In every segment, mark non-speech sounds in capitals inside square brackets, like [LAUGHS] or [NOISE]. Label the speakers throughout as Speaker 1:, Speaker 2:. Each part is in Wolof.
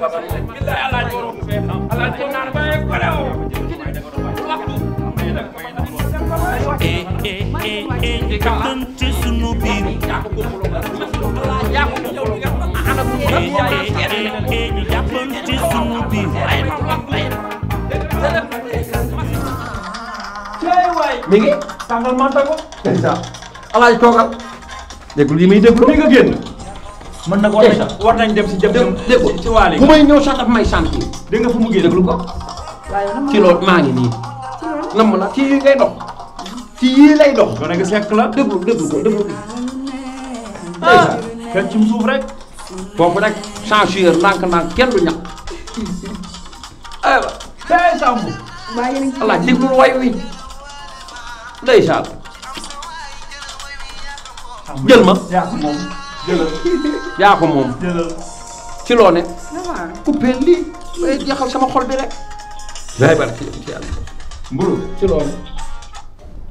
Speaker 1: billahi alaaji waroon fee xam alaaji naan baye gore o waxtu eh eh eh eh kante sunu biir ñu jàppante sunu biir mi ngi tàngal manta ko alaaji toogal déglu li muy déglu mi nga génn man nag war nañ war nañ dem si jëm si waale bu may ñëw sax may sant yi dégg nga fu mu génn déglu ko ci loolu maa ngi nii nam la ci yii dox ci lay dox doo nekk sekk la déglu déglu ko de ndeysaan ah. kenn ci suuf rek foofu rek censure ndànk-ndànk kenn du ñàkk ah, ma yaa ko moom. ci loo ne. coupé lii. may sama xol bi rek. yaay bari ci yàlla. mburu ci loo ne.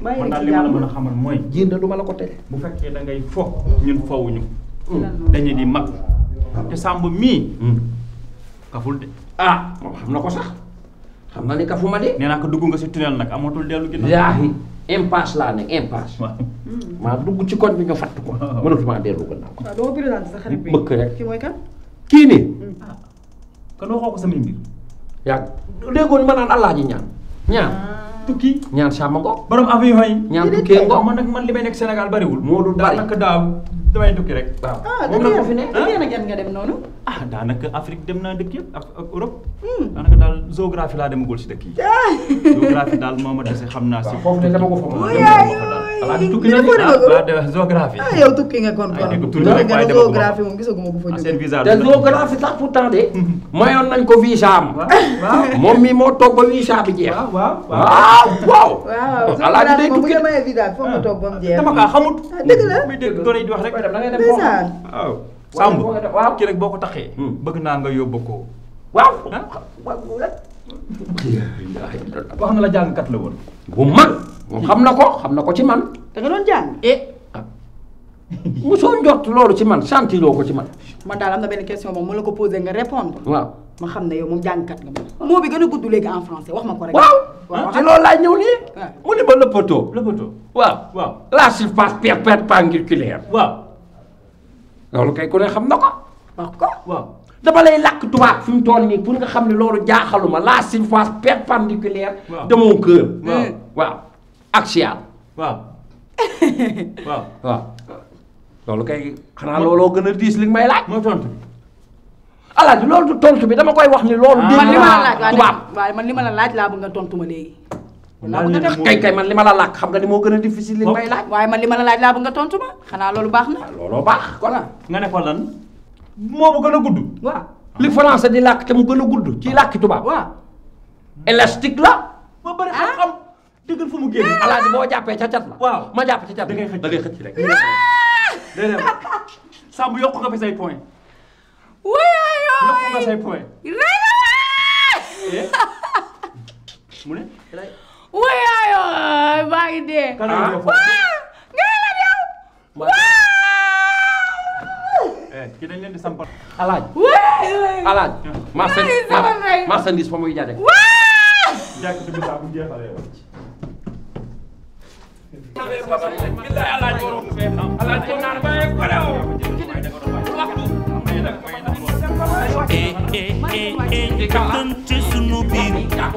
Speaker 1: man daal li la mën a xamal mooy. jéem lu ma la ko tere. bu fekkee da ngay fo ñun fowuñu. Mm. dañu di mag. Ah. te sàmb mii. Mm. kaful de. ah moom xam na ko sax. xam na ni kafu ma de. nee naa ko dugg nga si tunnel nag amatul dellu ginnaaw. impasse laa ne impasse. Mm. maa dugg ci koñ bi nga fàtt ko. mënatuma dellu gannaaw. waaw doo bi mbëkk rek kii mooy kan. kii nii. Mm. Ah. kon waxoo ko ma naan allah ji ñaan ñaan. Ah. tukki ñaan sàmm ngoog. borom avion yi. ñaan ah, man nag man li may nekk Sénégal bariwul. moo dul bari daanaka damay dukki rek. waaw ah, moom la ko ah fi ne nga dem noonu. ah daanaka Afrique dem naa dëkk yëpp ak ak Europe. Hmm. daanaka daal géographie laa demagul si dëkk yi. [LAUGHS] géographie daal moo ma dese xam naa si. waaw foofu de dama ko xalaat tukki na de géographie. ah yow tukki nga kon quoi. nga ne géographie moom gisaguma ko fa jógee. te géographie moom mi moo toog ba visa bi jeex. waaw waaw waaw. waaw alaaj day tukki moom bu demee visa nga toog ba mu jeex. dama kaa xamut. dëgg la muy dégg doon di wax rek. da ngay dem foofu waaw. Samb waaw boo ko taxee. bëgg naa nga yóbbu ko. waaw. wax na la jàngkat la woon. bu mag moom xam na ko xam na ko ci man. da nga doon jàng eh. Ah. musoo njort loolu ci man sentiroo ko ci man. man daal am na benn question moom mu la ko posé nga répondre waaw ma xam ne yow moom jàngkat nga moom. moo bi gën a gudd léegi en français wax ma ko rek. waaw ah, ci loolu laay ñëw nii. Ah. mu ne ma le poteau. surface perpendiculaire. waaw. loolu kay ku xam na ko. wax ko waaw. dama lay làkk fi mu toll nii pour xam ne loolu jaaxaluma la surface perpendiculaire. de mon waaw axial waaw [LAUGHS] waaw waaw loolu kay xanaa looloo gën a diis li nga may laaj a tontu bi loolu du tontu bi dama koy wax ni loolu ah, dégg naa tubaab waaye man li ma la laaj laa bëgg nga tontu ma léegi kay kay man li ma la laaj xam nga moo gën a difficile may laaj waaye man li ma la laaj laa bëgg nga tontu ma xanaa loolu baax na looloo baax kon ah. nga ne ko moo mu gën a gudd waaw li français di làkk te mu gën a gudd ci làkki tubaab waaw la ah. dëggal fu mu génn. alaaji boo jàppee ca cat la. waaw ma jàpp ca cat da ngay xëcc da ngay xëcc rek. déedéet sàmm yokk nga fi say point. wóyooyooy yokk nga say point. Eh? mu ne. wóyooyooy maa ngi dee. kan la yow waaw. Eh, ki dañ leen di sampal. alaaj alaaj marchandise fa muy jate jàkk bi saa bu jeexalee e e e e